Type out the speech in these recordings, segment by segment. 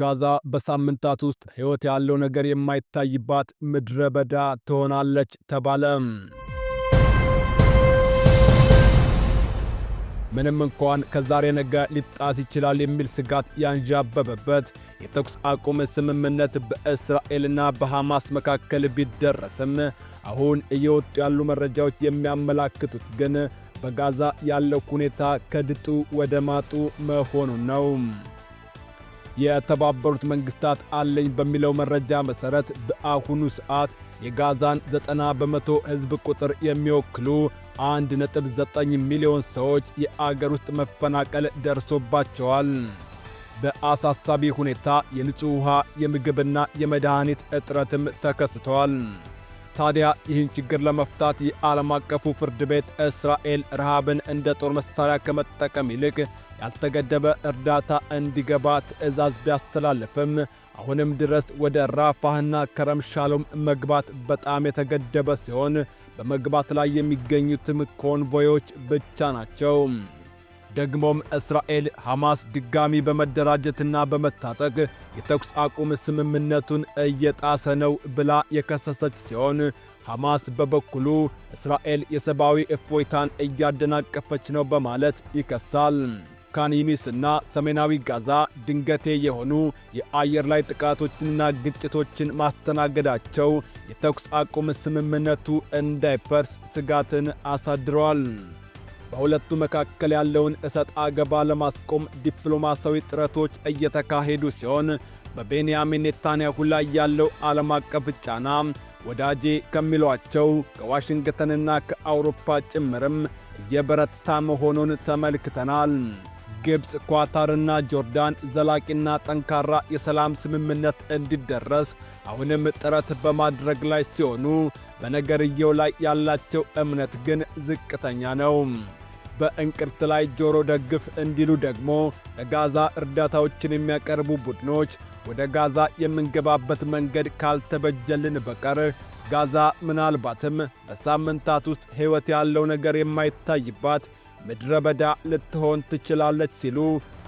ጋዛ በሳምንታት ውስጥ ሕይወት ያለው ነገር የማይታይባት ምድረ በዳ ትሆናለች ተባለ። ምንም እንኳን ከዛሬ ነገ ሊጣስ ይችላል የሚል ስጋት ያንዣበበበት የተኩስ አቁም ስምምነት በእስራኤልና በሐማስ መካከል ቢደረስም አሁን እየወጡ ያሉ መረጃዎች የሚያመላክቱት ግን በጋዛ ያለው ሁኔታ ከድጡ ወደ ማጡ መሆኑን ነው። የተባበሩት መንግስታት አለኝ በሚለው መረጃ መሠረት በአሁኑ ሰዓት የጋዛን 90 በመቶ ሕዝብ ቁጥር የሚወክሉ 1.9 ሚሊዮን ሰዎች የአገር ውስጥ መፈናቀል ደርሶባቸዋል። በአሳሳቢ ሁኔታ የንጹሕ ውሃ የምግብና የመድኃኒት እጥረትም ተከስቷል። ታዲያ ይህን ችግር ለመፍታት የዓለም አቀፉ ፍርድ ቤት እስራኤል ረሃብን እንደ ጦር መሳሪያ ከመጠቀም ይልቅ ያልተገደበ እርዳታ እንዲገባ ትዕዛዝ ቢያስተላልፍም አሁንም ድረስ ወደ ራፋህና ከረም ሻሎም መግባት በጣም የተገደበ ሲሆን በመግባት ላይ የሚገኙትም ኮንቮዮች ብቻ ናቸው። ደግሞም እስራኤል ሐማስ ድጋሚ በመደራጀትና በመታጠቅ የተኩስ አቁም ስምምነቱን እየጣሰ ነው ብላ የከሰሰች ሲሆን ሐማስ በበኩሉ እስራኤል የሰብአዊ እፎይታን እያደናቀፈች ነው በማለት ይከሳል። ካን ዩኒስ እና ሰሜናዊ ጋዛ ድንገቴ የሆኑ የአየር ላይ ጥቃቶችንና ግጭቶችን ማስተናገዳቸው የተኩስ አቁም ስምምነቱ እንዳይፈርስ ስጋትን አሳድረዋል። በሁለቱ መካከል ያለውን እሰጥ አገባ ለማስቆም ዲፕሎማሲያዊ ጥረቶች እየተካሄዱ ሲሆን በቤንያሚን ኔታንያሁ ላይ ያለው ዓለም አቀፍ ጫና ወዳጄ ከሚሏቸው ከዋሽንግተንና ከአውሮፓ ጭምርም እየበረታ መሆኑን ተመልክተናል። ግብፅ፣ ኳታርና ጆርዳን ዘላቂና ጠንካራ የሰላም ስምምነት እንዲደረስ አሁንም ጥረት በማድረግ ላይ ሲሆኑ በነገርየው ላይ ያላቸው እምነት ግን ዝቅተኛ ነው። በእንቅርት ላይ ጆሮ ደግፍ እንዲሉ ደግሞ ለጋዛ እርዳታዎችን የሚያቀርቡ ቡድኖች ወደ ጋዛ የምንገባበት መንገድ ካልተበጀልን በቀር ጋዛ ምናልባትም በሳምንታት ውስጥ ሕይወት ያለው ነገር የማይታይባት ምድረ በዳ ልትሆን ትችላለች ሲሉ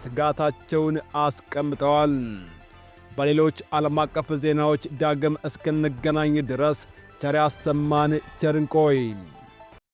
ስጋታቸውን አስቀምጠዋል። በሌሎች ዓለም አቀፍ ዜናዎች ዳግም እስክንገናኝ ድረስ ቸር ያሰማን። ቸርንቆይ